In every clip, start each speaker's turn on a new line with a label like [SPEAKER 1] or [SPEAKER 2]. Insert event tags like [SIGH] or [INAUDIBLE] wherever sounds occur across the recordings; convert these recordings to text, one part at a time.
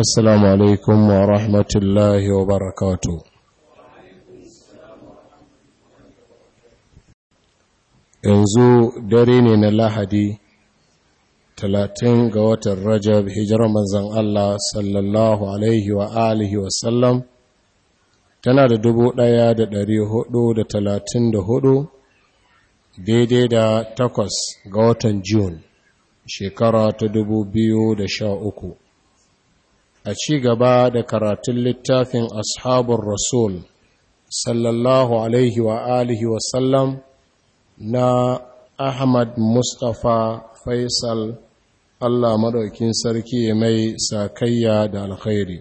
[SPEAKER 1] السلام عليكم rahmatullahi wa وبركاته yanzu dare ne na lahadi talatin ga watan rajab hijirar manzan Allah sallallahu alaihi wa tana da dubu ɗaya da dari hudu da talatin da hudu daidai da takwas ga watan Jun shekara ta dubu biyu da sha uku a ci gaba da karatun littafin ashabun rasul sallallahu alaihi wa alihi wasallam na ahmad mustapha faisal allah maɗaukin sarki mai sakayya da alkhairi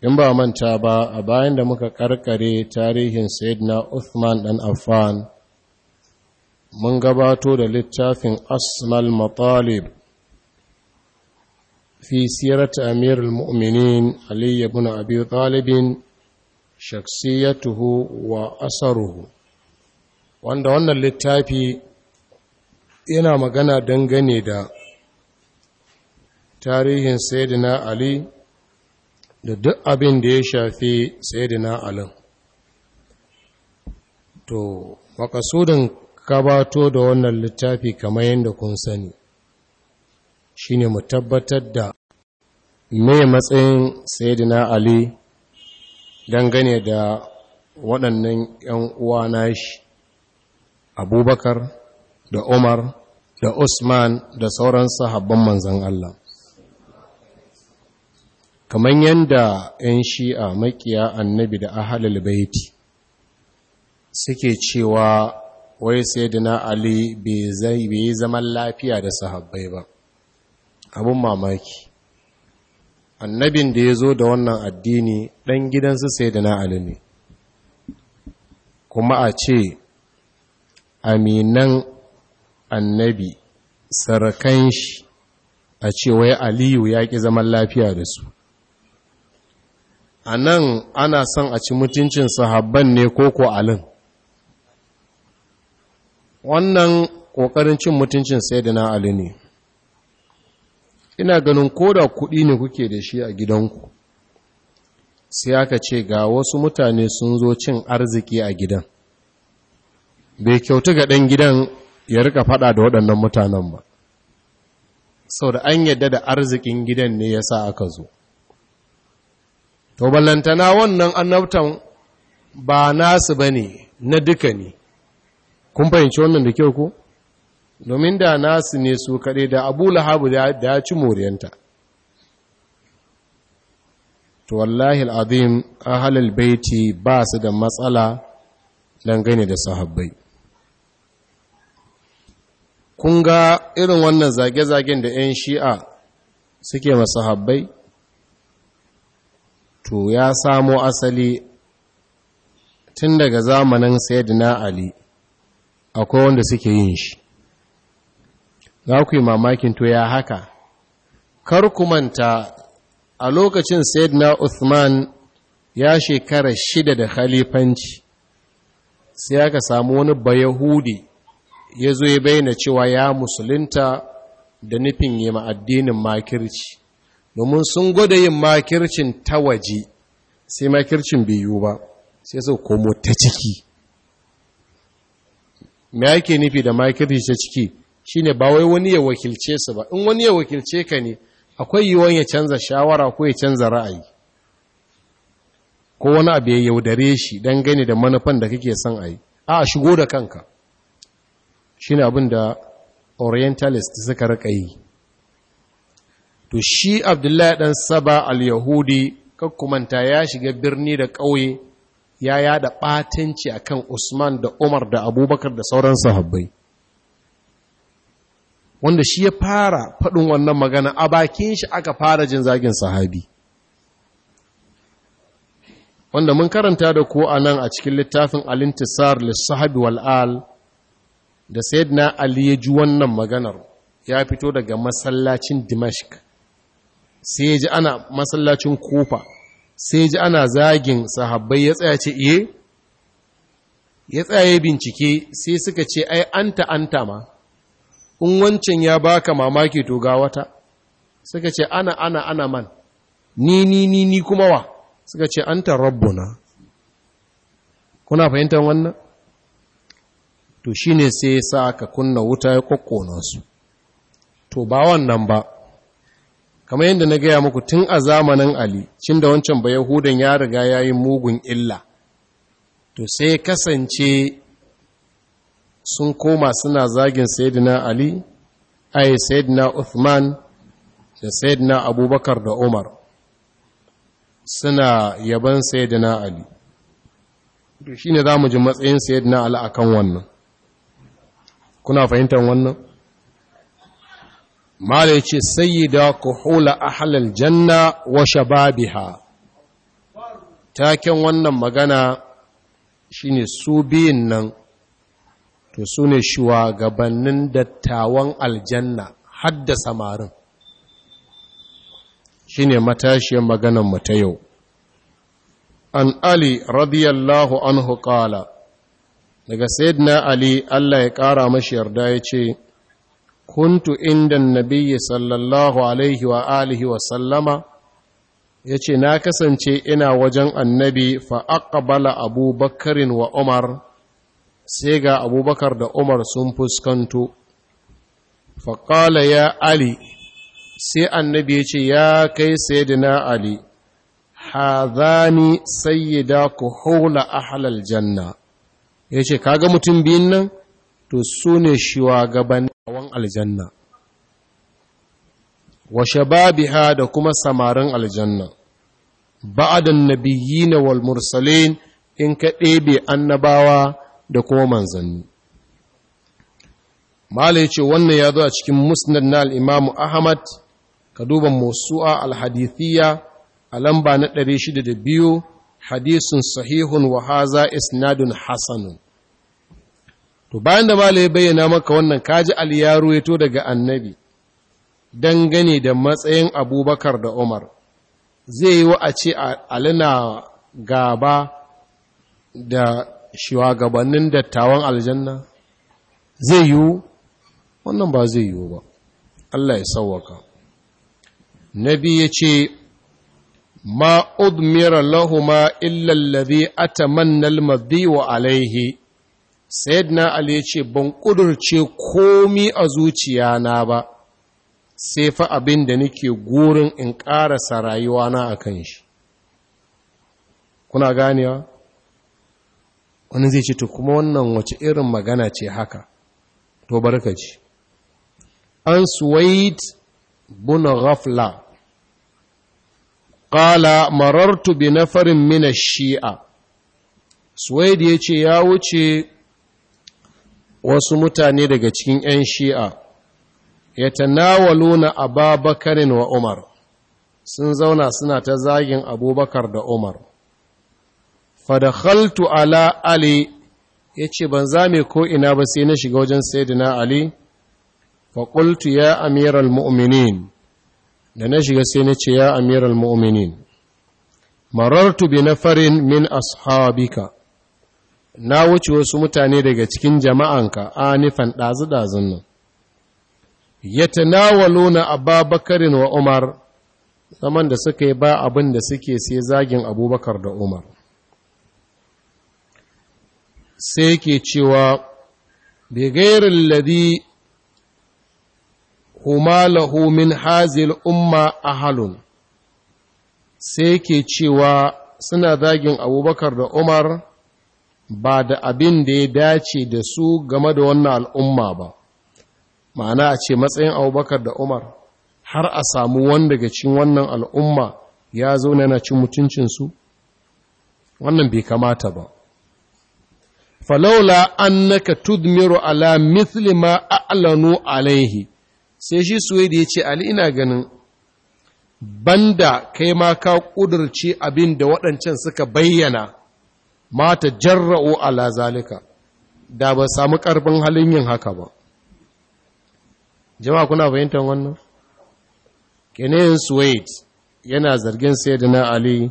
[SPEAKER 1] in ba manta ba a bayan da muka ƙarƙare tarihin na uthman dan affan mun gabato da littafin asmal matalib في سيرة أمير المؤمنين علي بن أبي طالب شخصيته وأثره wanda wannan littafi yana magana dangane da tarihin Sayyidina Ali da duk abin da ya shafi Sayyidina Ali. To, makasudin kabato da wannan littafi kamar yadda kun sani, shi mu tabbatar da me matsayin sayidina ali dangane da waɗannan 'yan uwa na shi, abubakar da umar da usman da sauran sahabban manzan Allah kamar yadda 'yan shi'a makiya annabi da ahalil baiti suke cewa wai sayidina ali bai zai zaman lafiya da sahabbai ba abin mamaki annabin da ya zo da wannan addini ɗan gidansu sai da na'ali ne kuma a ce aminan annabi sarakan shi a ce wai aliyu ya ƙi zaman lafiya da su a nan ana son a ci mutuncin sahabban ne ko ko alin wannan ƙoƙarin cin mutuncin sai da na'ali ne ina ganin koda kuɗi ne kuke da shi a gidanku sai aka ce ga wasu mutane sun zo cin arziki a gidan bai kyautu ga ɗan gidan ya rika faɗa da waɗannan mutanen ba sau da an yadda da arzikin gidan ne ya sa aka zo to ballantana wannan annabtan ba nasu ba ne na duka ne kun fahimci wannan da kyau ko? domin da nasu ne su kaɗai da abu lahabu da ya ci moriyanta to wallahi al'adim halal baiti ba su da matsala dangane da sahabbai kun ga irin wannan zage-zagen da 'yan shi'a suke Habbai? to ya samo asali tun daga zamanin sayyidina ali akwai wanda suke yin shi za ku yi mamakin to ya haka kar ku manta a lokacin sayyidina Usman ya shekara shida da khalifanci sai aka samu wani bayahudi ya zo ya bayyana cewa ya musulunta da nufin yi addinin makirci domin sun gwada yin makircin ta waje sai makircin biyu ba sai su komo ta ciki me ake nufi da makirci ta ciki shine ba wai wani ya wakilce su ba in wani ya wakilce ka ne akwai yiwuwan ya canza shawara ko ya canza ra'ayi ko wani abu ya yaudare shi don gani da manufan da kake son ayi. yi a shigo da kanka ne abin da orientalist suka rika yi to shi abdullahi dan saba al-yahudi kakkumanta ya shiga birni da ƙauye ya yada ɓatanci akan usman da umar da abubakar da sauran sahabbai wanda shi ya fara faɗin wannan magana a bakin shi aka fara jin zagin sahabi wanda mun karanta da ko a nan a cikin littafin alintisar lissahabi wal'al da na ali ya ji wannan maganar ya fito daga masallacin dimashik sai ji ana masallacin kofa sai ji ana zagin sahabbai ya tsaya ce iye eh? ya tsaye bincike sai suka ce ai anta anta ma in wancan ya baka mamaki to ga wata suka ce ana ana ana man ni ni ni ni kuma wa suka ce anta rabbuna kuna fahimtar wannan to shine sai ya sa kunna wuta ya kokkona su to ba wannan ba kamar yadda na gaya muku tun a zamanin ali cin da wancan ba yahudan ya riga ya yi mugun illa to sai kasance sun koma suna zagin saidina ali ai sayyidina uthman da saidina abubakar da umar suna yaban saidina ali to shine zamu ji matsayin sayyidina ali akan wannan kuna fahimtar wannan da ku sayyida kuhula ahlal janna wa shababiha taken wannan magana shine su biyin nan to su ne shugabannin dattawan aljanna hadda samarin shi ne matashiyar maganarmu ta yau an ali radiyallahu an hukala daga sayyidina ali Allah ya ƙara mashi yarda ya ce kuntu inda nabiyyi sallallahu alaihi wa alihi wa sallama ya ce na kasance ina wajen annabi fa bala abubakarin wa umar sai ga abubakar da umar sun fuskanto faƙala ya ali sai annabi ya ce ya kai sayyidina ali hazani sayyida ku haula ahlal janna ya ce kaga mutum biyun nan to su ne shiwagabannin aljanna wa shababiha da kuma samarin aljanna ba'adan nabiyyi wal mursalin in ka ɗebe annabawa da kuma manzanni mala ya ce wannan ya zo a cikin musnad na al'imamu ahmad ka duba musu'a alhadithiyya a lamba na 602 hadisun sahihun wa haza isnadun Hassanun. to bayan da mala ya bayyana maka wannan kaji aliyaru ya to daga annabi dangane da matsayin abubakar da umar zai yi wa a ce alina gaba da shugabannin dattawan aljanna zai yiwu wannan ba zai yiwu ba Allah ya sauwaka nabi ya ce ma udmira lahuma illa allazi atamanna almadhi wa alaihi sayyidina ali ya ce ban kudurce komi a zuciya na ba sai fa abin da nake gurin in ƙarasa rayuwana a kan shi kuna ganewa wani zai ce to kuma wannan wace irin magana ce haka to barkaci an suwaid bin ghafla qala marartu bi nafarin min ash-shi'a suwaid yace ya wuce wasu mutane daga cikin 'yan shi'a ya tanawaluna ababakarin wa umar sun zauna suna ta zagin abubakar da umar fadakhaltu ala ali yace ban zame ko ina ba sai na shiga wajen sayyidina ali fa qultu ya amiral mu'minin da na shiga sai na ce ya amiral mu'minin marartu bi nafarin min ashabika na wuce wasu mutane daga cikin jama'anka anifan dazu-dazun nan yatanawaluna ababakarin wa umar zaman da suka yi ba abin da suke sai zagin abubakar da umar sai ke cewa bai gairin ladi huma min hazil umma ahalun sai ke cewa suna zagin abubakar da umar ba da abin da ya dace da su game da wannan al'umma ba ma'ana a ce matsayin abubakar da umar har a samu wanda daga cin wannan al'umma ya zo na cin mutuncinsu wannan bai kamata ba falaula annaka tudmiru ala mithli ma a'lanu alaihi sai shi suwaidi ya ce ali ina ganin banda kai ma ka ƙudurci abin da waɗancan suka bayyana mata jarra'o ala zalika da ba samu ƙarfin halin yin haka ba jama'a kuna fahimtar wannan kenayin suwaid yana zargin sai da na ali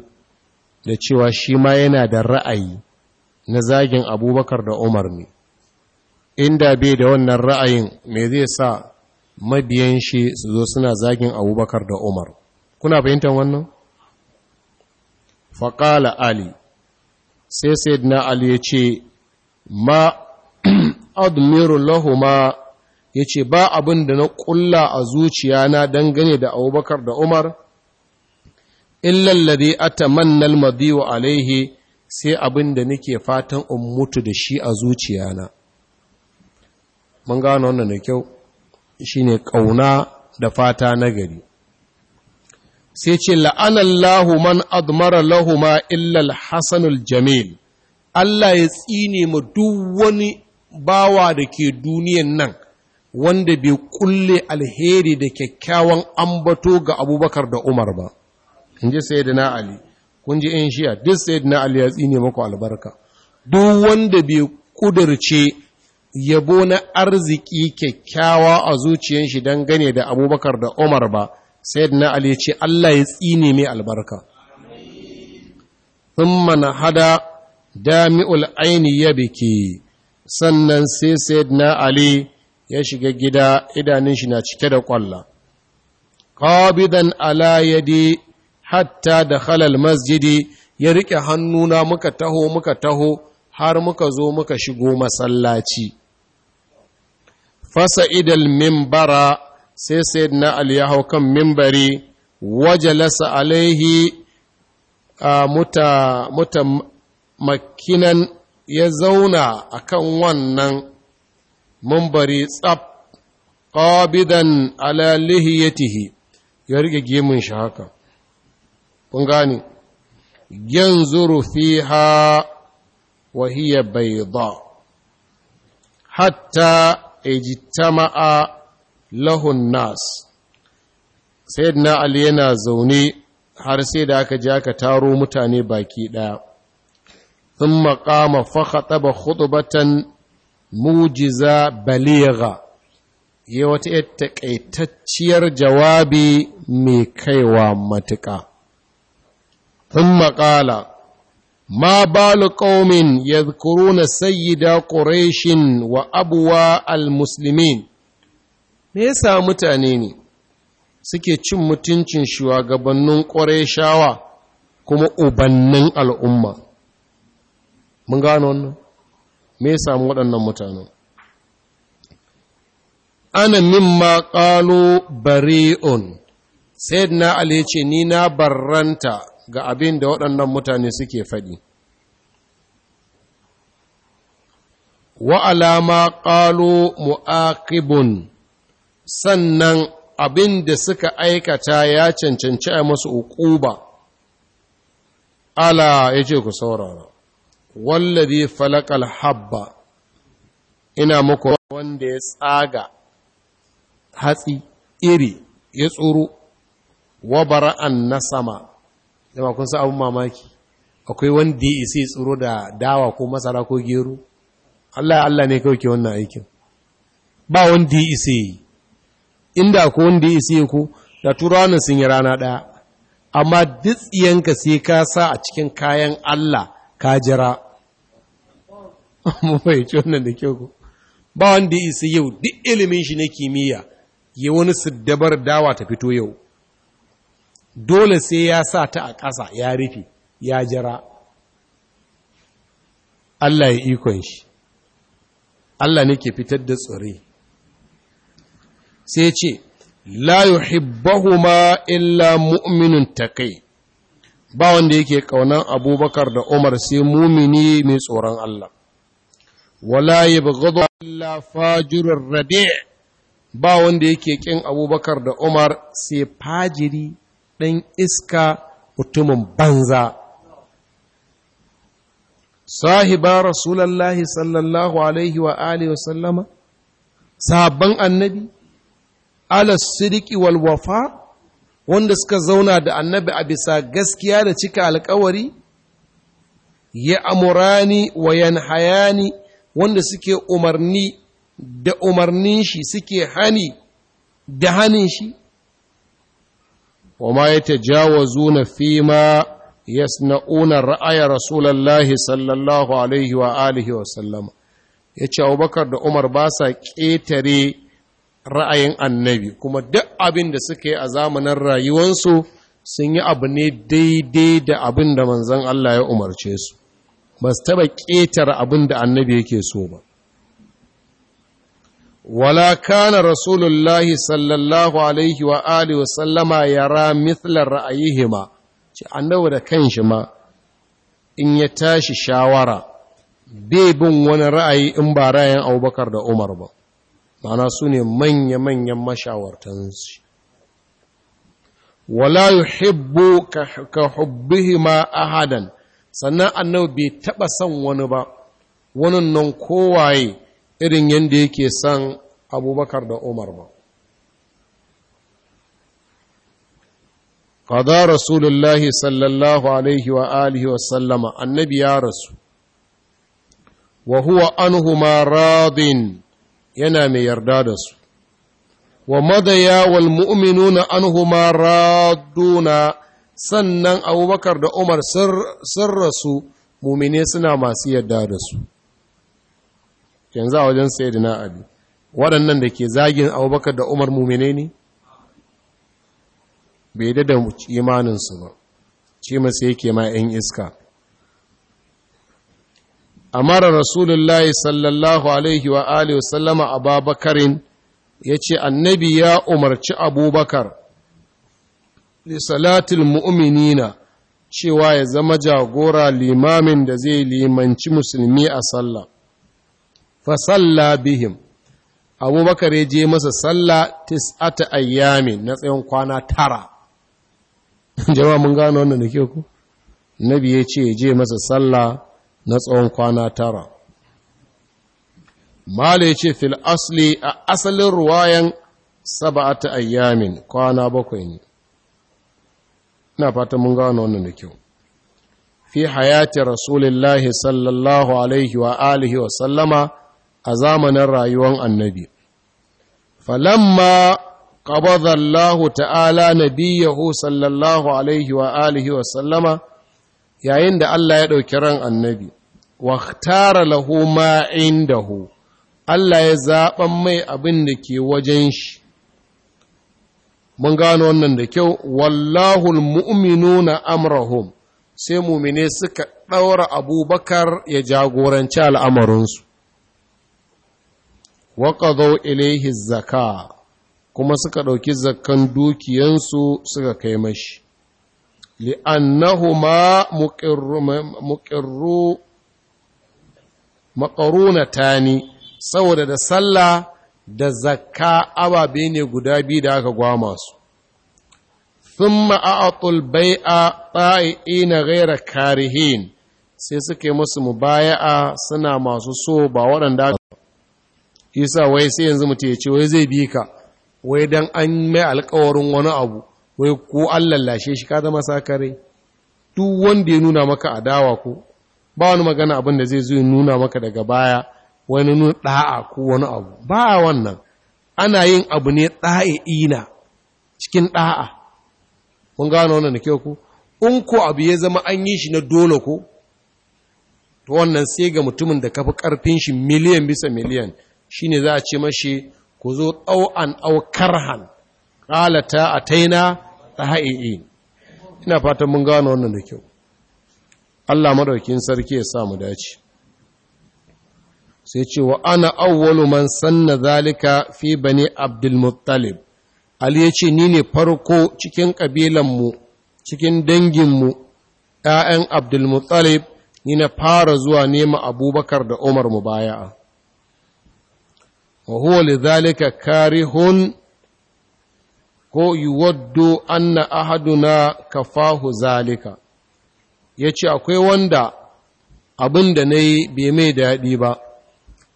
[SPEAKER 1] da cewa shi ma yana da ra'ayi na zagin abubakar da umar ne inda bai da wannan ra'ayin me zai sa mabiyan shi su zo suna zagin abubakar da umar kuna fahimtar wannan faƙala ali sai na ali ya ce ma [CLEARS THROAT] admiru ma ya ce ba abin da na ƙulla a zuciya na dangane da abubakar da umar illallade a tamannal madiwa alaihi sai abin da nake fatan in mutu da shi a zuciyana mun gano wannan da kyau shine ƙauna da fata na gari sai ce la'anallahu man admara lahuma illal hasanul jamil Allah ya tsine ma duk wani bawa da ke duniyan nan wanda bai kulle alheri da kyakkyawan ambato ga abubakar da umar ba in ji sai ali kun ji ‘yan shiya duk sai na ali ya tsine maku albarka duk wanda bai kudurce yabo na arziki kyakkyawa a zuciyar shi dangane da abubakar da umar ba sai na ali ce allah ya tsine mai albarka sun mana hada dami'ul aini ya biki sannan sai sai na ali ya shiga gida idanun shi na cike da kwalla ƙabidan ala yadi hatta da halal masjidi ya riƙe hannuna muka taho muka taho har muka zo muka shigo masallaci fasa idal mimbara sai sai na aliyahu hau kan mimbari wajalasa alaihi a muta makinan ya zauna a kan wannan mimbari tsab ƙabidan alalihiyatihi ya rike gemun shi haka kun gane fi ha wa bai ba. hatta ma'a, lahun nas na ali yana zaune har sai da aka ji aka taro mutane baki ɗaya. sun ثم قام فخطب batan mujiza baliga yi wata taƙaitacciyar jawabi mai kaiwa matuƙa ثم قال ما بال قوم يذكرون سيد قريش وأبواء المسلمين me yasa mutane ne suke cin mutuncin shugabannin ƙwarai kuma ubannin al'umma mun gano wannan me ya samu waɗannan mutanen ana mimma ƙalo bari'un sai na ce ni na barranta ga abin da waɗannan mutane suke faɗi wa alama ƙalo mu'aqibun sannan abin da suka aikata ya cancanci a masu uquba ala ya ce ku saurara wallabi falakal habba ina muku wanda ya tsaga hatsi iri ya tsoro wa an na sama zama kun sa abin mamaki akwai wanda ya isi tsoro da dawa ko masara ko gero Allah Allah ne kawai ke wannan aikin ba wanda ya isi yi inda ko wanda ya yi ko da turanin sun yi rana ɗaya amma duk tsiyanka sai ka sa a cikin kayan Allah ka jira [LAUGHS] mafai wannan da kyau ko ba wanda ya isi yau duk ilimin shi na kimiyya ya wani siddabar dawa ta fito yau dole sai ya sa ta a ƙasa ya rufe ya jira Allah ya ikon shi Allah ne ke fitar da tsore sai ce la ma illa mu'minun kai. ba wanda yake kaunan Abubakar da Umar sai mumini mai tsoron Allah wala yabghadu illa fajirur radi' ba wanda yake kin Abubakar da Umar sai fajiri ɗan iska mutumin banza sahiba rasulallah sallallahu alaihi wa alihi wa sallama sabon annabi ala sidiki wal wafa wanda suka zauna da annabi a bisa gaskiya da cika alkawari ya amurani wa yanhayani wanda suke umarni da umarnin shi suke hani da hanin shi wa ma ya tajawazuna fi ma yasna'una ra'aya rasulullahi sallallahu alaihi wa alihi yace Abubakar da Umar ba sa ƙetare ra'ayin annabi kuma duk abin da suka yi a zamanin rayuwarsu sun yi abu ne daidai da abin da manzon Allah ya umarce su ba taɓa ƙetare abin da annabi yake so ba wala kana rasulullahi sallallahu ya wa alihi wa sallama yara mithlar da kanshi ma in ya tashi shawara bai bin wani ra'ayi in ba ra'ayin Abubakar da Umar ba mana su manya-manyan mashawartan shi wala yuhibbu ka hubbihima ahadan sannan nawa bai taɓa son wani ba wani nan kowaye irin yadda yake san abubakar da umar ba. Kada Rasulullahi sallallahu Alaihi wa alihi annabi ya rasu, wa huwa an radin yana mai yarda da su, wa madaya wal mu’minuna an raduna sannan abubakar da umar sun rasu mumine suna masu yarda da su. yanzu a wajen sai na ali waɗannan da ke zagin abubakar da umar mumine ne bai da da imaninsu ba ce masu yake ma 'yan iska amara rasulullahi sallallahu alaihi wa alihi wasallama babakarin ya ce annabi ya umarci abubakar da salatul mu'minina cewa ya zama jagora limamin da zai limanci musulmi a sallah fasalla bihim abubakar ya je masa a tis'ata ayyami na tsayon kwana tara [LAUGHS] jama'a mun gano wannan da ke ku nabi ya ce je masa salla na tsawon kwana tara mala ya ce fil asli a asalin ruwayan saba'ata ayyamin kwana bakwai ne ina fata mun gano wannan da kyau fi hayati rasulillahi sallallahu alaihi wa alihi wa sallama a zamanin rayuwar annabi falamma ta'ala ta'ala biyahu, sallallahu alaihi wa alihi wa sallama. yayin da Allah ya ɗauki ran annabi, wa tara lahu ma indahu, Allah ya zaɓan mai abin da ke wajen shi. Mun gano wannan da kyau, wallahul na amrahum, sai mumine suka ɗaura abubakar ya jagoranci al'amarinsu. waƙazau ilaihi zaka kuma suka ɗauki zakan dukiyansu suka kai mashi li'annahuma muƙirru ta ni saboda da sallah da zakka ababe ne guda biyu da aka gwama su sun ma'a'atul bai'a ɗa'i'i na gaira karihin sai suka yi musu mubaya'a suna masu so ba waɗanda yasa wai sai yanzu mutum ya ce wai zai bi ka wai dan an mai alkawarin wani abu wai ko an lallashe shi ka zama sakare duk wanda ya nuna maka adawa ko ba wani magana abin da zai zo nuna maka daga baya wani nuna da'a ko wani abu ba wannan ana yin abu ne ina cikin ɗa'a mun gano wannan da kyau ku in ko abu ya zama an yi shi na dole ko to wannan sai ga mutumin da kafi karfin shi miliyan bisa miliyan ne za a ce mashi ku zo ɗau'an aukarhan ƙalata a taina ta ha'i'i ina fatan mun gano wannan da kyau Allah maɗaukin sarki ya sa mu dace sai ce wa ana auwalu man sanna zalika fi bani abdulmuttalib ali ya ce ni ne farko cikin ƙabilanmu cikin danginmu ‘ya'yan abdulmuttalib ni na fara zuwa nema abubakar da umar mu baya'a wa zalika lidhalika karihun ko yuwaddu anna ahaduna kafahu zalika yace akwai wanda abin da nayi bai mai daɗi ba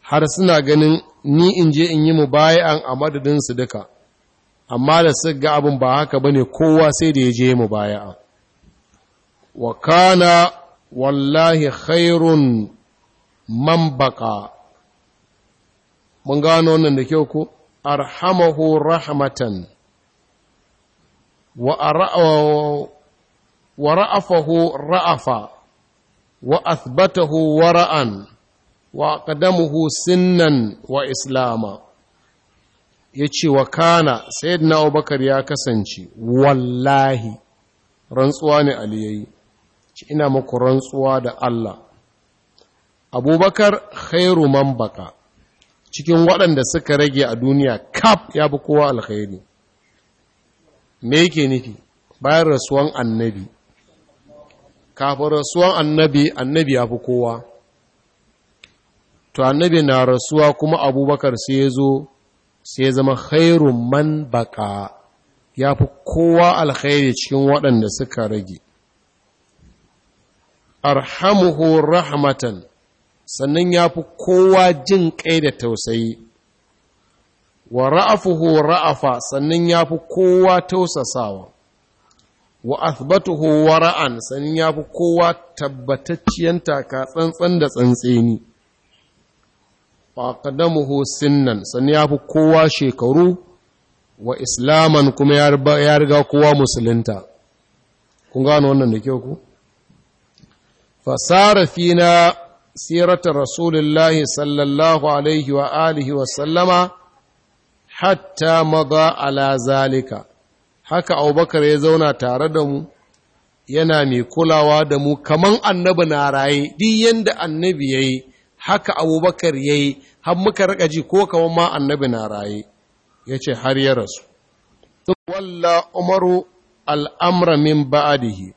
[SPEAKER 1] har suna ganin ni in je in yi mubayi'an a madadin su duka amma da su ga abin ba haka ba ne kowa sai da ya je mubayi'a wa kana wallahi khairun man baka mun gano wannan da kyau ko arhamahu rahmatan wa ra'afahu ra'afa wa athbatahu wara'an wa qadamuhu sinnan wa islama yace wa kana sayyidina Abubakar ya kasance wallahi rantsuwa ne aliyayi ina muku rantsuwa da Allah abubakar khairu man baka cikin waɗanda suka rage a duniya kaf ya fi kowa alkhairi me yake nufi bayan rasuwan annabi kafin rasuwan annabi annabi ya fi kowa to annabi na rasuwa kuma abubakar sai ya zo sai ya zama khairun man baka ya fi kowa alkhairi cikin waɗanda suka rage arhamuhu rahmatan sannan ya fi kowa jin kai da tausayi wa ra'afuhu ra'afa sannan ya fi kowa tausasawa wa athbatuhu ra'an sannan ya fi kowa tabbatacciyar taka tsantsan da tsantseni wa qadamuhu sinnan sannan ya fi kowa shekaru wa islaman kuma ya riga kowa musulunta kun gano wannan da kyau ku fasara fina sirata rasulullahi sallallahu alaihi wa alihi wa sallama hatta maza ala zalika haka abubakar ya zauna tare da mu yana mai kulawa da mu kaman annabi na raye duk yanda annabi ya yi haka abubakar ya yi har muka rika ji ko kaman ma annabi na raye ya ce har ya rasu walla umaru al'amra min ba'adihi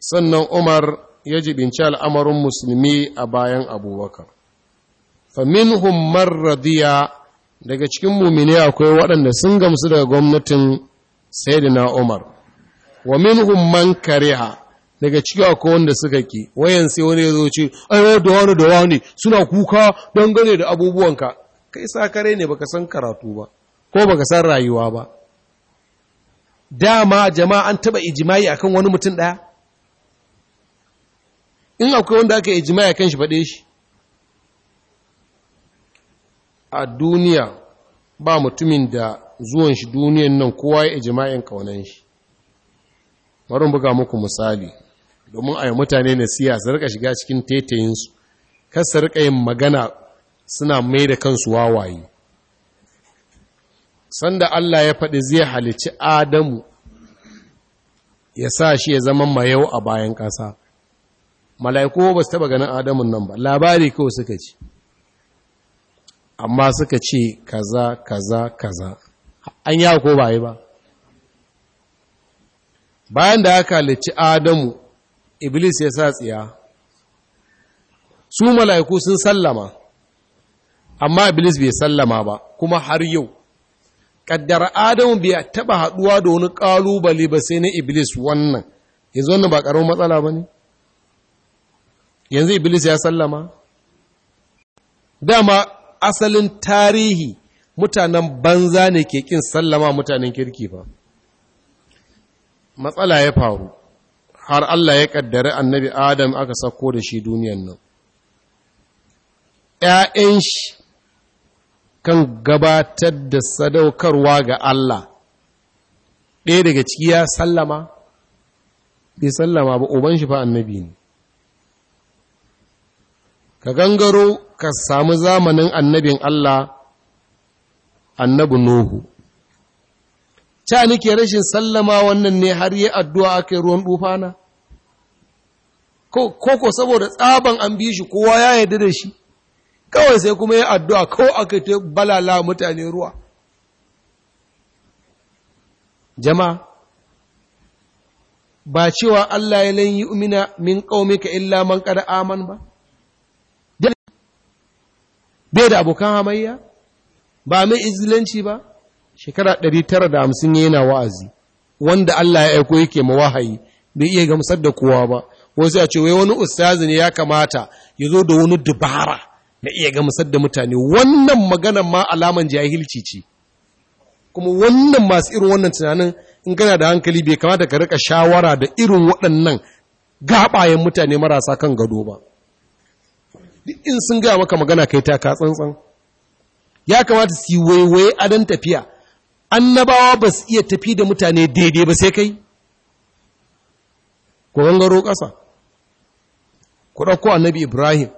[SPEAKER 1] sannan umar ya jibinci al'amarin musulmi a bayan abubakar faminhum radiya daga cikin mumini akwai waɗanda sun gamsu daga gwamnatin sayyidina umar wa minhum man kariha daga ciki akwai wanda suka ki wayan sai wani ya zo ce ayo da wani da wani suna kuka dangane da abubuwanka kai kare ne baka san karatu ba ko baka san rayuwa ba dama jama'a an taba ijimai akan wani mutum ɗaya in akwai wanda aka yi jima'a kan shi faɗe shi a duniya ba mutumin da zuwan shi duniyan nan kowa ya jima'in kaunan shi marun buga muku misali domin a yi mutane na siya su rika shiga cikin taitayinsu, kan su rika yin magana suna mai da kansu wawaye sanda Allah ya faɗi zai halici Adamu ya sa shi ya zama mayau a bayan ƙasa mala'iku ba su taba ganin adamun nan ba labari kawai suka ce, amma suka ce kaza kaza kaza an yi ko ba yi ba bayan da aka halicci adamu iblis ya sa tsiya su mala'iku sun sallama amma iblis bai sallama ba kuma har yau kaddara adamu bai taba haɗuwa da wani kalubale ba sai na iblis wannan yanzu wannan ba karamin matsala ba ne yanzu iblis ya sallama dama asalin tarihi mutanen banza ne ke ƙin sallama mutanen kirki ba matsala ya faru har Allah ya ƙaddari annabi Adam aka sako da shi duniyan nan ‘ya'yan shi kan gabatar da sadaukarwa ga Allah ɗaya daga ciki ya sallama bai sallama ba uban shi fa annabi ne ka gangaro ka samu zamanin annabin Allah annabu Nuhu ta nike rashin sallama wannan ne har yi addu'a aka yi ruwan ɗufana? ko ko saboda tsaban an bi shi kowa ya yarda da shi kawai sai kuma yi addu'a ko aka ta balala mutane ruwa jama'a ba cewa Allah ya lanyi umina min ƙaumika illa man ƙada aman ba bai da abokan hamayya ba mai izilanci ba shekara 950 yana wa'azi wanda Allah ya aiko yake ma wahayi bai iya gamsar da kowa ba wasu ya ce wai wani ustazi ne ya kamata ya zo da wani dubara na iya gamsar da mutane wannan maganar ma alaman jahilci ce kuma wannan masu irin wannan tunanin in kana da hankali bai kamata ka rika shawara da irin waɗannan gaɓayen mutane marasa kan gado ba duk in sun gaya maka magana kai ta ka tsantsan ya kamata su yi waiwaye adon tafiya annabawa ba su iya tafi da mutane daidai ba sai kai ku gangaro ƙasa ku ɗauko annabi ibrahim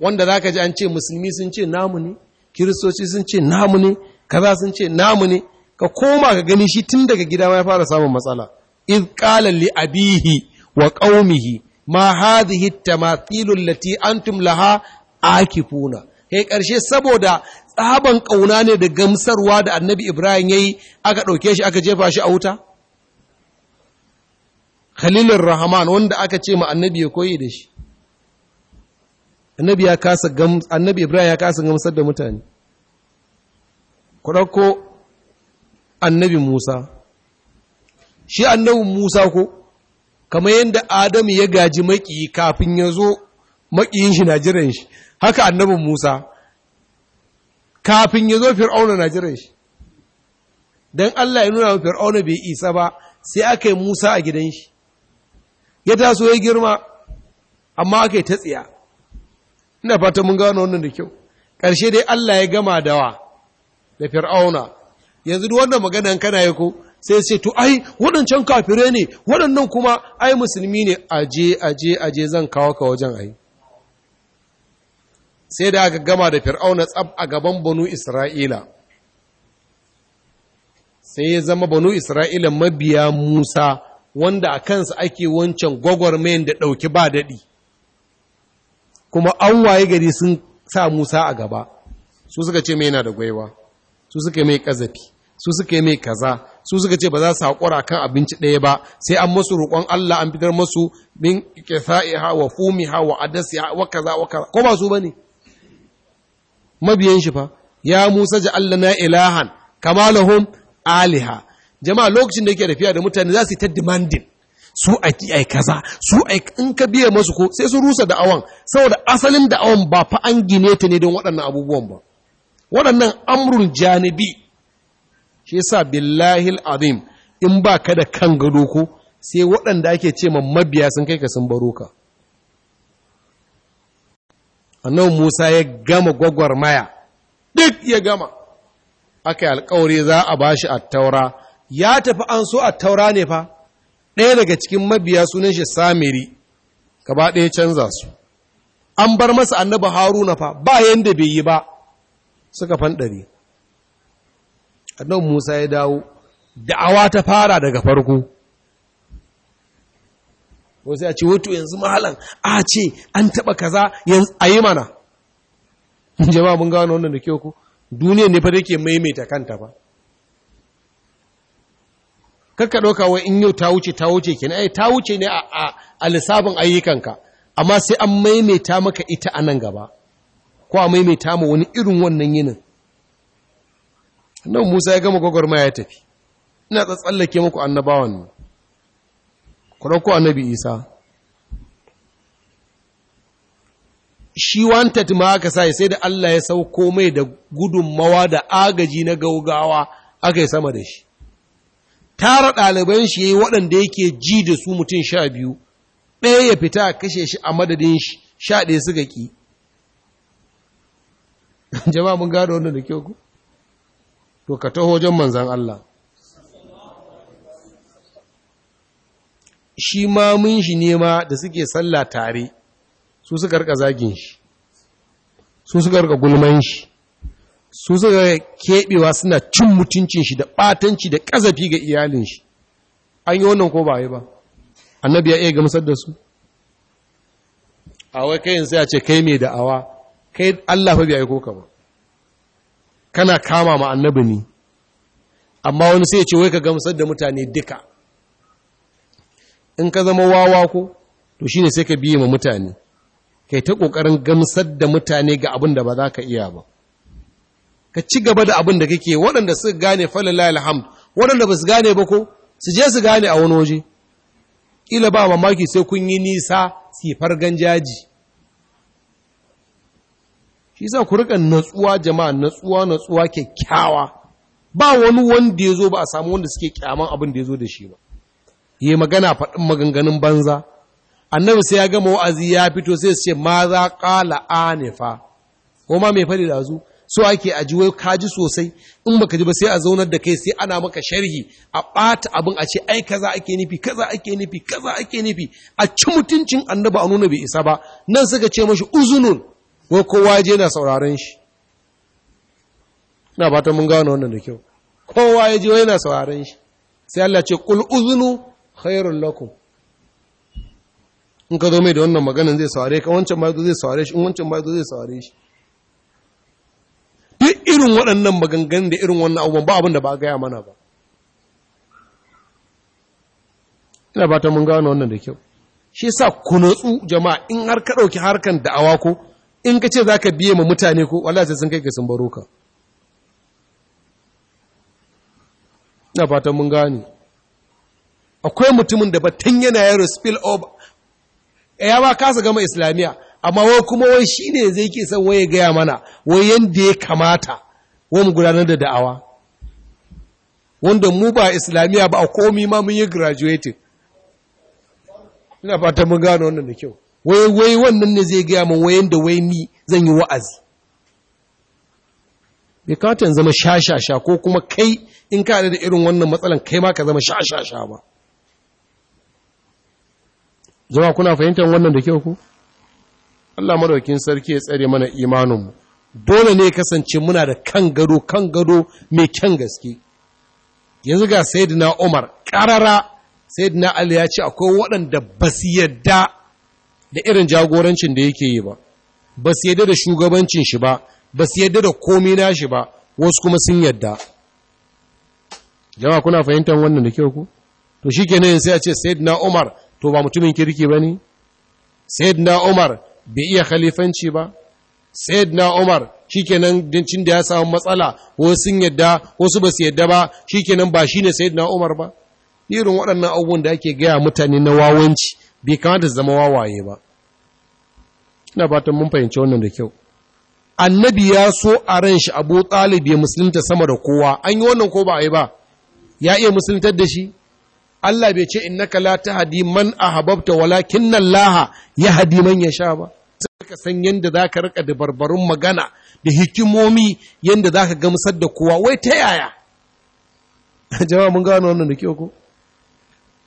[SPEAKER 1] wanda za ka ji an ce musulmi sun ce namu ne kiristoci sun ce namu ne kaza sun ce namu ne ka koma ka gani shi tun daga gida ma ya fara samun matsala iz qala li abihi wa qaumihi ma hadhihi tamathilu allati antum laha akifuna kai karshe saboda tsaban kauna ne da gamsarwa da annabi ibrahim yayi aka dauke shi aka jefa shi a wuta khalilur rahman wanda aka ce ma annabi ya koyi da shi annabi ya kasa annabi ibrahim ya kasa gamsar da mutane ku dauko annabi musa shi annabi musa ko kamar yadda Adamu ya gaji maƙiyi kafin ya zo makiyin shi na jiran shi haka annabin Musa kafin ya zo Fir'auna na jiran shi Don Allah ya nuna wa Fir'auna bai isa ba sai aka yi Musa a gidan shi ya taso ya girma amma aka yi ta tsiya ina fata mun gano wannan da kyau ƙarshe dai Allah ya gama dawa da Fir'auna yanzu duk wannan maganan kana yi ko sai sai to ai waɗancan kafire ne waɗannan kuma ai musulmi ne aje aje aje zan kawo ka wajen ai sai da aka gama da fir'auna tsab a gaban banu isra'ila sai ya zama banu isra'ila mabiya musa wanda a kansa ake wancan gwagwarmayan da ɗauki ba daɗi kuma an waye gari sun sa musa a gaba su suka ce mai yana da gwaiwa su suka yi mai ƙazafi su suka yi mai kaza su suka ce ba za su haƙura kan abinci ɗaya ba sai an masu roƙon Allah an fitar masu min ha wa ha wa adasiha wa kaza wa kaza ko ba su bane mabiyan shi fa ya Musa ja Allah na ilahan kama lahum aliha jama'a lokacin da yake tafiya da mutane za su yi ta demanding su aiki ai kaza su aiki in ka biya masu ko sai su rusa da saboda asalin da'awan ba fa an gine ta ne don waɗannan abubuwan ba waɗannan amrul janibi shi yasa billahil azim in ba ka da kan gado ko sai waɗanda ake ce ma mabiya sun kai ka sun baro ka annabi Musa ya gama gwagwarmaya duk ya gama aka yi alkawari za a bashi a taura. ya tafi an so a taura ne fa ɗaya daga cikin mabiya sunan shi samiri gaba ɗaya canza su an bar masa annabi haruna fa ba yanda bai yi ba suka fanɗari annabi Musa ya dawo da'awa ta fara daga farko ko sai a ce wato yanzu mahalan a ce an taba kaza yanzu ayi mana [LAUGHS] jama'a mun gano wannan da kyau ko duniya ne fa take maimaita kanta ba kakka ɗauka wai in yau ta wuce ta wuce kenan ai ta wuce ne a lissafin ayyukanka amma sai an maimaita maka ita a nan gaba ko a maimaita ma wani irin wannan yinin nan Musa ya gama gwagwarmaya ya tafi ina tsallake muku annabawan ne ku ɗauko annabi Isa shi wanted ma aka sa sai da Allah ya sauko mai da gudunmawa da agaji na gaugawa aka yi sama da shi tara ɗaliban shi ya yi waɗanda yake ji da su mutum sha biyu ɗaya ya fita a kashe shi a madadin shi sha ɗaya suka ƙi [LAUGHS] jama'a mun gada wannan da kyau ku to ka taho wajen manzan Allah shi ma mun shi nema da suke sallah tare su suka rika zagin shi su suka rika gulman shi su suka keɓewa suna cin mutuncin shi da ɓatanci da ƙazafi ga iyalin shi an yi wannan ko ba yi ba annabi ya iya gamsar da su a wai kayan sai a ce kai mai da'awa kai Allah fa bai aiko ka ba kana kama ma annabi ne amma wani sai ce wai ka gamsar da mutane duka in ka zama wawa ko to shine sai ka biye ma mutane kai ta kokarin gamsar da mutane ga abin da ba za ka iya ba ka ci gaba da abin da kake waɗanda su gane falala alhamd waɗanda ba su gane ba ko su je su gane a wani waje ila ba mamaki sai kun yi nisa sifar ganjaji shi sa ku rika natsuwa jama'a natsuwa natsuwa kyakkyawa ba wani wanda ya zo ba a samu wanda suke kyaman abin da ya zo da shi ba yi magana faɗin maganganun banza annabi sai ya gama wa'azi ya fito sai su ce ma za ƙala anifa ko ma mai faɗi da zu so ake aji wai kaji sosai in baka ji ba sai a zaunar da kai sai ana maka sharhi a ɓata abin a ce ai kaza ake nufi kaza ake nufi kaza ake nufi a ci mutuncin annabi a nuna bai isa ba nan suka ce mashi uzunun ko kowa je na sauraron shi na fata mun gano wannan da kyau kowa ya je wai na sauraron shi sai Allah ce qul uznu khairul lakum in ka zo mai da wannan maganan zai saurare ka wancan ma zai saurare shi in wancan ma zai saurare shi duk irin waɗannan maganganun da irin wannan abubuwan ba abin da ba a gaya mana ba ina ba ta mun gano wannan da kyau shi sa ku natsu jama'a in har ka ɗauki harkan da'awa ko in ka ce za ka biye ma mutane ko wala sai sun kai ka sun baro ka na fatan mun gane akwai mutumin da batun yana yaro spill over eh, ya ba kasa gama islamiyya amma wai kuma wai shi ne zai ke san waye gaya mana wai yadda ya kamata wani mu gudanar da da'awa wanda mu ba islamiyya ba a komi ma mun yi graduating ina fata mun gano wannan da kyau wai wai wannan ne zai gaya mun wayan da wai ni zan yi wa'azi bai zama shashasha ko kuma kai in ka da irin wannan matsalan kai ma ka zama shashasha ba zama kuna fahimtar wannan da kyau ku Allah madaukin sarki ya tsare mana imaninmu dole ne kasance muna da kan gado kan gado mai kyan gaske yanzu ga sayyidina Umar karara sayyidina Ali ya ce akwai waɗanda ba su yadda da irin jagorancin da yake yi ba ba su yadda da shugabancin shi ba ba su yadda da komi na shi ba wasu kuma sun yadda jama kuna fahimtar wannan da kyau ku to shi ke nan sai a ce na umar to ba mutumin kirki ba ne na umar bai iya khalifanci ba Said na umar shi ke nan dincin da ya samu matsala wasu sun yadda wasu ba su yadda ba shi ke nan ba shi ne umar ba irin waɗannan abubuwan da ake gaya mutane na wawanci bai kamata su zama wawaye ba ina fatan mun fahimci wannan da kyau annabi ya so a ran shi abu talib ya musulunta sama da kowa an yi wannan ko ba a yi ba ya iya musuluntar da shi Allah bai ce in naka la hadi man ahbabta laha ya hadi man sha ba ka san yadda za ka rika da barbarun magana da hikimomi yadda za ka gamsar da kowa wai ta yaya [LAUGHS] jama'a mun gano wannan da kyau ko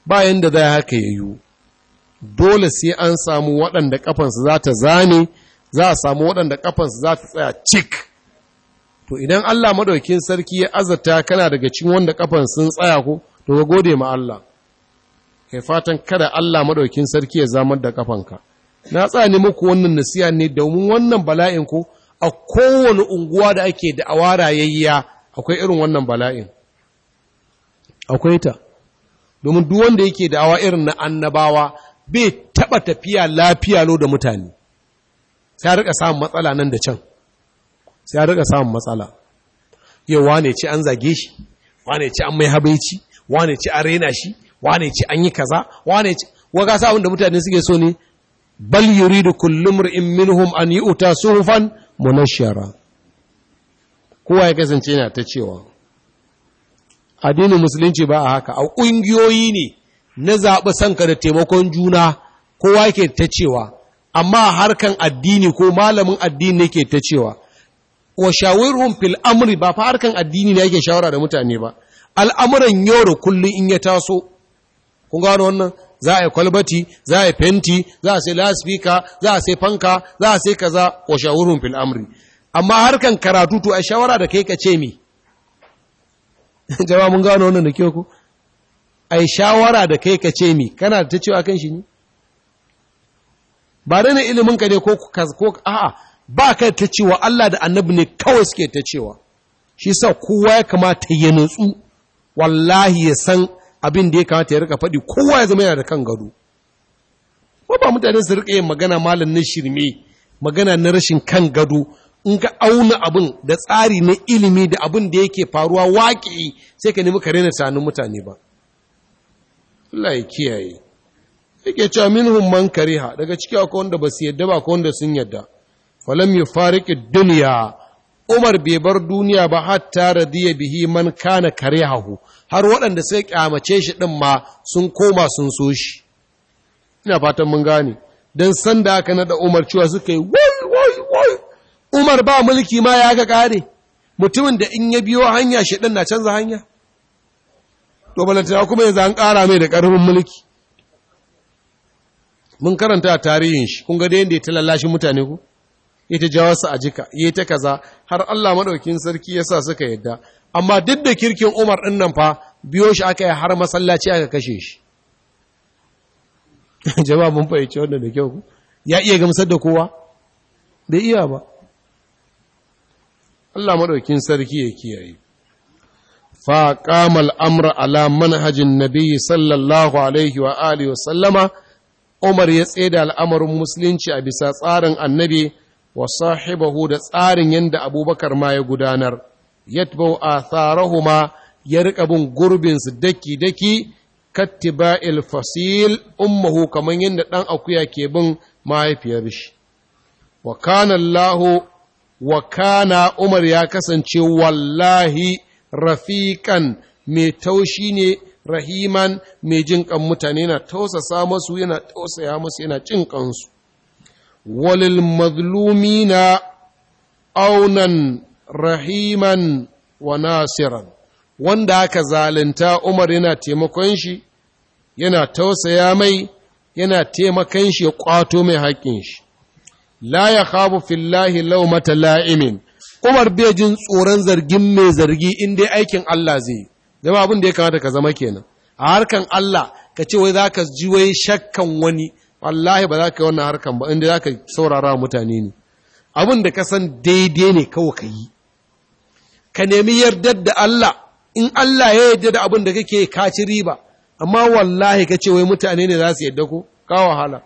[SPEAKER 1] ba yadda za haka ya yiwu dole sai an samu waɗanda ƙafansu za ta zane za a samu waɗanda ƙafansu za ta tsaya cik to idan Allah maɗaukin sarki ya azata kana daga cikin wanda ƙafansu sun tsaya ko to ka gode ma Allah kai fatan kada Allah maɗaukin sarki ya zamar da ƙafanka. na tsani muku wannan nasiha ne domin wannan bala'in ko a kowane unguwa da ake da rayayya akwai irin wannan bala'in akwai ta domin duk wanda yake da awa irin na annabawa bai taɓa tafiya lafiya lo da mutane sai rika samun matsala nan da can sai rika samun matsala yau wane ce an zage shi wane ce an mai habaici wane ce an rena shi wane ce an yi kaza wane ce waga sa da mutane suke so ne bal yuridu kullum ri'in minhum an yu'ta suhufan munashshara kowa ya kasance yana ta cewa addinin musulunci ba a haka a ƙungiyoyi ne na zaɓi sanka da taimakon juna kowa ke ta cewa amma harkan addini ko malamin addini ke ta cewa wa shawirhum fil amri ba fa harkan addini ne yake shawara da mutane ba al'amuran yau da kullum in ya taso kun gano wannan za a yi kwalbati za a yi fenti za a sai laspika za a sai fanka za a sai kaza wa shawirhum fil amri amma harkan karatu to a shawara da kai ka ce mi [LAUGHS] jama'a mun gano wannan da ke ku ai shawara da kai ka ce mi kana ta cewa kan shi ne ba da ilimin ka ne ko ko a'a ba ka ta cewa Allah da annabi ne kawai suke ta cewa shi sa kowa ya kamata ya nutsu wallahi ya san abin da ya kamata ya rika faɗi kowa ya zama yana da kan gado ko ba mutane su rika yin magana malam na shirme magana na rashin kan gado in ka auna abin da tsari na ilimi da abin da yake faruwa waƙi sai ka nemi ka rena tunanin mutane ba Allah ya kiyaye yake cewa minhum man kariha daga ciki akwai wanda ba su yadda ba akwai wanda sun yadda falam yufariqi dunya Umar bai bar duniya ba hatta radiya bihi man kana karihahu har waɗanda sai kyamace shi din ma sun koma sun so shi ina fatan mun gane dan sanda aka nada Umar cewa suka yi wai wai wai Umar ba mulki ma ya ga kare mutumin da in ya biyo hanya shi na canza hanya to balantana kuma yanzu an kara mai da ƙarfin mulki mun karanta a tarihin shi kun ga da yadda ya talallashi mutane ku ya ta jawar su a jika ya ta kaza har Allah maɗaukin sarki ya sa suka yadda amma duk da kirkin Umar ɗin nan fa biyo shi aka yi har masallaci aka kashe shi [LAUGHS] jama'a mun fahimci wannan da kyau ya iya gamsar da kowa bai iya ba Allah maɗaukin sarki ya kiyaye fa qama al-amru ala manhajin Nabiyyu sallallahu alaihi wa alihi wa sallama Umar ya tsaida al'amarin musulunci a bisa tsarin annabi wa sahibahu da tsarin yadda abubakar ma ya gudanar, yatbau a tsarahu ma ya riƙa bin gurbin su daki-daki, kattiba fasil ummahu kamar yadda ɗan akuya ke bin mahaifiyar shi. Wa kana Umar ya kasance wallahi rafiƙan mai taushi ne rahiman mai jinƙan mutane yana tausasa masu yana tausaya masu yana cin kansu walil na aunan rahiman wa nasiran wanda aka zalunta umar yana taimakon shi yana tausaya mai yana taimakon shi ya kwato mai haƙƙin shi la ya khabu fillahi mata la'imin Umar bai jin tsoron zargin mai zargi in dai aikin Allah zai zama abin da ya kamata ka zama kenan a harkan Allah ka ce wai za ka ji wai shakkan wani wallahi ba za ka yi wannan harkan ba inda za ka saurara mutane ne abin da ka san daidai ne kawai ka yi ka nemi yardar da Allah in Allah ya yarda da abin da kake ka ci riba amma wallahi ka ce wai mutane ne za su yarda ko ka wahala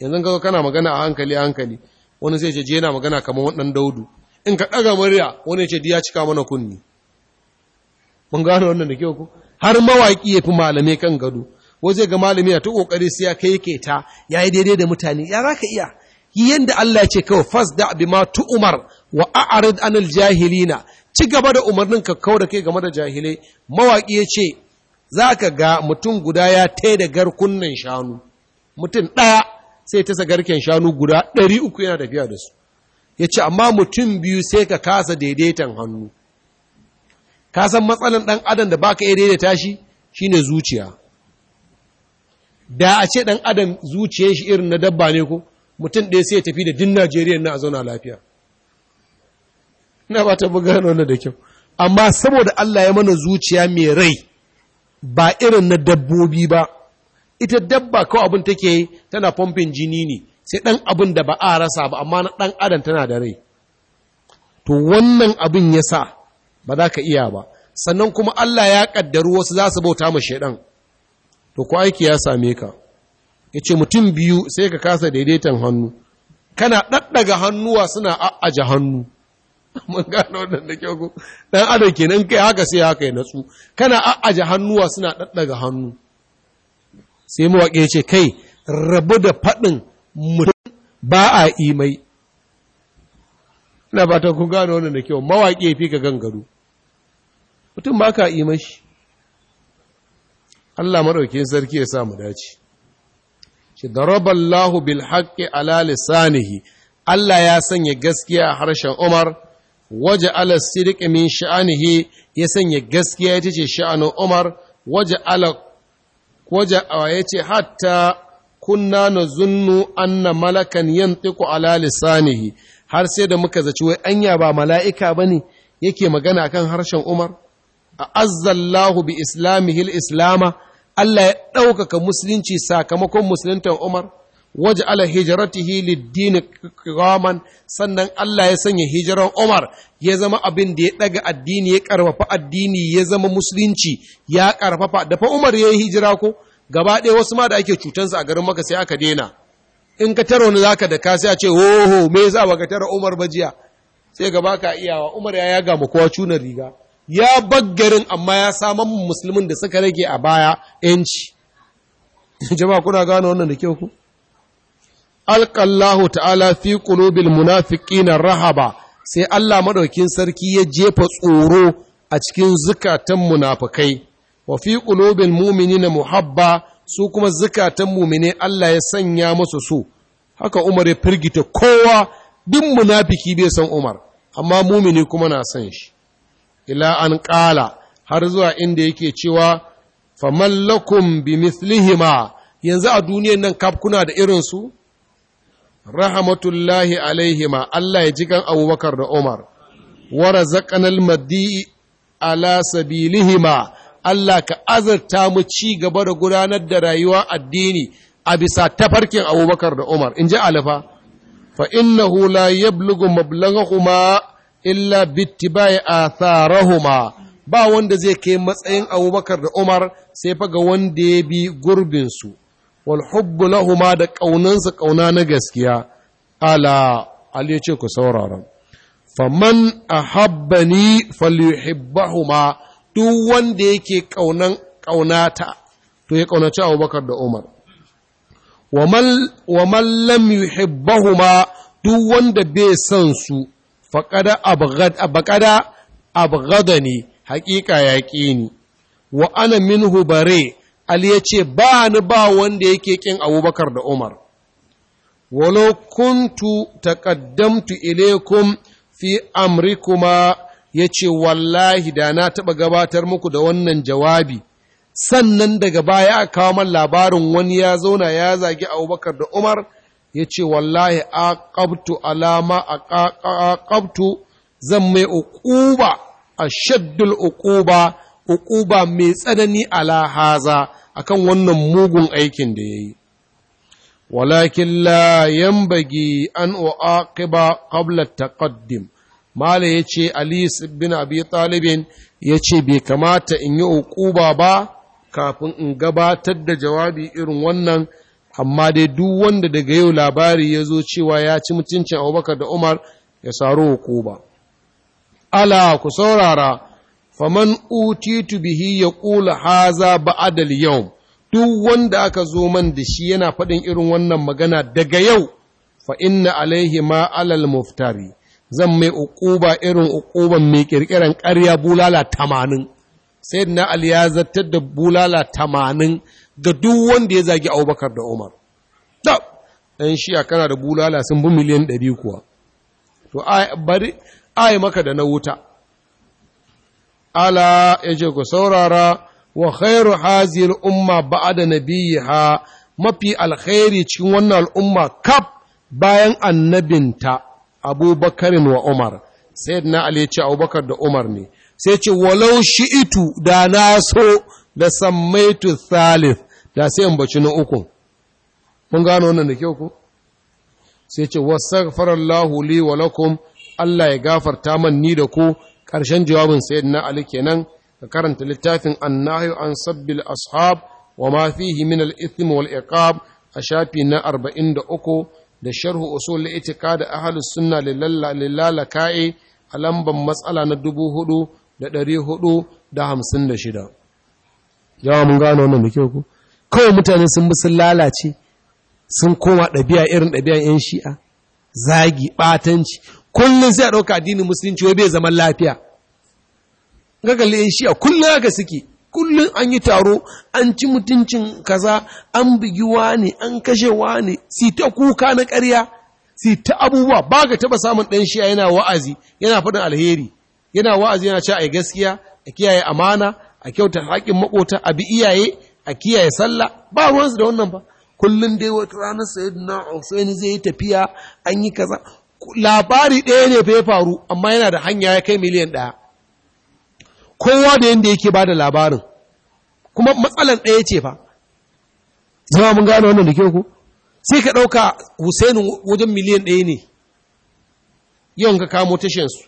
[SPEAKER 1] yanzu ka kana magana a hankali hankali wani zai ce je yana magana kamar waɗannan daudu in ka ɗaga murya wani ce ya cika mana kunni mun gano wannan da kyau ko har mawaƙi ya fi malamai kan gado Wai zai ga malami ta ƙoƙari sai ya kai ke ta ya yi daidai da mutane ya za ka iya yi yadda Allah ya ce kawai fas da abi ma umar wa a'arid anil jahilina ci gaba da umarnin ka da kai game da jahilai mawaƙi ya ce za ka ga mutum guda ya tai da garkunnan shanu mutum ɗaya sai ta sagarken shanu guda ɗari uku yana tafiya da su ya ce amma mutum biyu sai ka kasa daidaitan hannu Kasan matsalin ɗan adam da baka iya daidaita shi shine zuciya da a ce ɗan adam zuciyar shi irin na dabba ne ko mutum ɗaya sai ya tafi da din najeriya na a zauna lafiya ina ba ta buga wannan da kyau amma saboda allah ya mana zuciya mai rai ba irin na dabbobi ba ita dabba ko abin take yi tana fomfin jini ne sai ɗan abin da ba a rasa ba amma na ɗan adam tana da rai to wannan abin ya sa ba za ka iya ba sannan kuma Allah ya ƙaddaru wasu za su bauta ma shaidan to ko aiki ya same ka ya ce mutum biyu sai ka kasa daidaitan hannu kana ɗaɗɗaga hannuwa suna a'aje hannu [LAUGHS] mun gano wannan da kyau ko dan adam kenan kai haka sai haka ya natsu kana a'aje hannuwa suna ɗaɗɗaga hannu sai mawaƙi ya ce kai rabu da faɗin mutum ba a imai ina fatan kun gano wannan da kyau mawaƙi fi ka gangaro mutum ba ka imai shi Allah maɗaukin sarki ya sa mu dace shi lahu bil haqqi ala lisanihi Allah ya sanya gaskiya a harshen Umar waje ala sidiq min sha'anihi ya sanya gaskiya ita ce sha'anin Umar waje ala waje ya ce hatta kunna na zunnu anna malakan tiku ala lisanihi har sai da muka zaci wai anya ba mala'ika ba bane yake magana kan harshen Umar a azzallahu bi islamihil islama Allah ya ɗaukaka musulunci sakamakon musuluntan Umar ala hijratihi lid-din qiyaman sannan Allah ya sanya hijiran Umar ya zama abin da ya daga addini ya karfafa addini ya zama musulunci ya karfafa da fa Umar yayi hijira ko gaba ɗaya wasu ma da ake cutansa a garin Makka sai aka dena in ka taro ni zaka da ka sai a ce oho me yasa baka tara Umar ba jiya sai gaba ka iyawa Umar ya yaga mu kowa cunar riga ya baggarin amma ya saman musulmin da suka rage a baya yanci [LAUGHS] jama'a kuna gano wannan da kyau ku alƙallahu ta'ala fi munafiki na rahaba sai Allah maɗaukin sarki ya jefa tsoro a cikin zukatan munafikai wa fi ƙulubil na muhabba su kuma zukatan mumine Allah ya sanya musu su haka Umar ya firgita kowa duk munafiki bai san Umar amma mumini kuma na san shi ila an ƙala har zuwa inda yake cewa famallakum bi mithlihima yanzu a duniyar nan kafkuna da irinsu rahmatullahi alaihima Allah ya ji kan abubakar da umar wa razaqanal maddi ala sabilihima Allah ka azarta mu ci gaba da gudanar da rayuwa addini a bisa tafarkin abubakar da umar in ji alifa fa innahu la yablugu mablaghuma illa bittibai atharahuma ba wanda zai kai matsayin abubakar da umar sai faga wanda ya bi gurbinsu wal hubbu lahuma da ƙaunansa ƙauna na gaskiya ala ali ce ku saurara faman ahabbani falyuhibbahuma duk wanda yake ƙaunan ƙaunata to ya ƙaunaci Abubakar da Umar wa man lam yuhibbahuma duk wanda bai san su faqada abghad abqada abghadani haƙiƙa yaƙini wa ana minhu bare Ali ya ce, Ba ni ba wanda yake ƙin abubakar da Umar, walau kuntu taƙaddamtu ilaikum fi amrikuma ya ce, Wallahi da na taɓa gabatar muku da wannan jawabi, sannan daga baya a kawo man labarin wani ya zauna ya zagi abubakar da Umar, ya ce, Wallahi a ƙabtu alama a ƙabtu zan mai uquba a shaddul uƙuba uquba mai tsanani ala haza akan wannan mugun aikin da yayi walakin la bagi an uaqiba qabla taqaddim mala yace ali bin abi talibin yace bai kamata in yi uquba ba kafin in gabatar da jawabi irin wannan amma dai duk wanda daga yau labari ya zo cewa ya ci mutuncin abubakar da umar ya saro hukuba ala ku saurara faman utitu bihi ya ƙula haza ba'adal yau, duk wanda aka zo man da shi yana faɗin irin wannan magana daga yau, fa inna alaihi ma alal muftari, zan mai uƙuba irin uƙuban mai ƙirƙiran ƙarya bulala tamanin. Sai na Ali ya zartar da bulala tamanin ga duk wanda ya zagi Abubakar da Umar. Da, ɗan shiya kana da bulala sun bi miliyan ɗari kuwa. To, ai, bari, ai maka da na wuta. ala ya ce ku saurara wa khairu hazil umma ba'da ha mafi alkhairi cikin wannan al'umma kaf bayan annabinta abubakarin wa umar sayyidina ali ya ce abubakar da umar ne sai ce walau shi'itu da na so da sammaitu thalith da sai in baci na uku mun gano wannan da kyau ko sai ce wasaghfarallahu li wa Allah ya gafarta man ni da ku ƙarshen jawabin na ali kenan ka karanta littafin annahyu an sabbil ashab wa ma fihi min al-ithm wal iqab a shafi na 43 da sharhu usul al-itiqad suna sunna ka'e a lamban matsala na 4456 yawa mun gano wannan da kyau ku kawai mutane sun bi sun lalace sun koma ɗabi'a irin ɗabi'an 'yan shi'a zagi ɓatanci kullum sai a ɗauka addinin musulunci wai bai zaman lafiya ga kalli shi a kullum haka suke kullum an yi taro an ci mutuncin kaza an bugi ne, an kashe ne, si ta kuka na ƙarya si ta abubuwa ba ga taɓa samun ɗan shi yana wa'azi yana faɗin alheri yana wa'azi yana ce a gaskiya a kiyaye amana a kyauta haƙin maƙota a bi iyaye a kiyaye sallah ba ruwansu da wannan ba kullum dai wata ranar sayyidina Hussein zai yi tafiya an yi kaza labari ɗaya ne fa faru amma yana da hanya ya kai miliyan ɗaya kowa da yadda yake ba da labarin kuma matsalar ɗaya ce fa zama mun gano wannan da ke ku sai ka ɗauka husainu wajen miliyan ɗaya ne yawan ka kamo tashinsu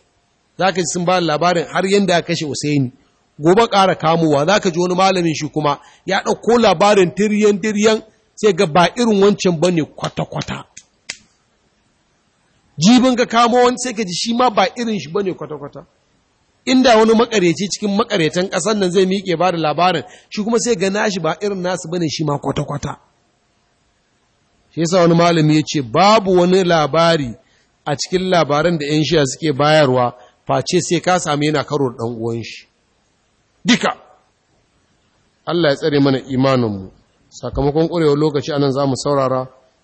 [SPEAKER 1] za ka ji sun ba da labarin har yadda ya kashe husaini gobe ƙara kamowa za ka ji wani malamin shi kuma ya ɗauko labarin tiriyan tiriyan sai ga ba irin wancan ba ne kwata-kwata jibin ka kamo wani sai ka ji shi ma ba irin shi bane kwata-kwata inda wani makareci cikin makaretan ƙasar nan zai miƙe ba da labarin shi kuma sai ga nashi ba irin nasu bane shi ma kwata-kwata shi yasa wani malami ya ce babu wani labari a cikin labaran da 'yan shiya suke bayarwa face sai ka sami yana karo da uwan shi duka Allah ya tsare mana imaninmu sakamakon ƙwarewar lokaci anan za mu saurara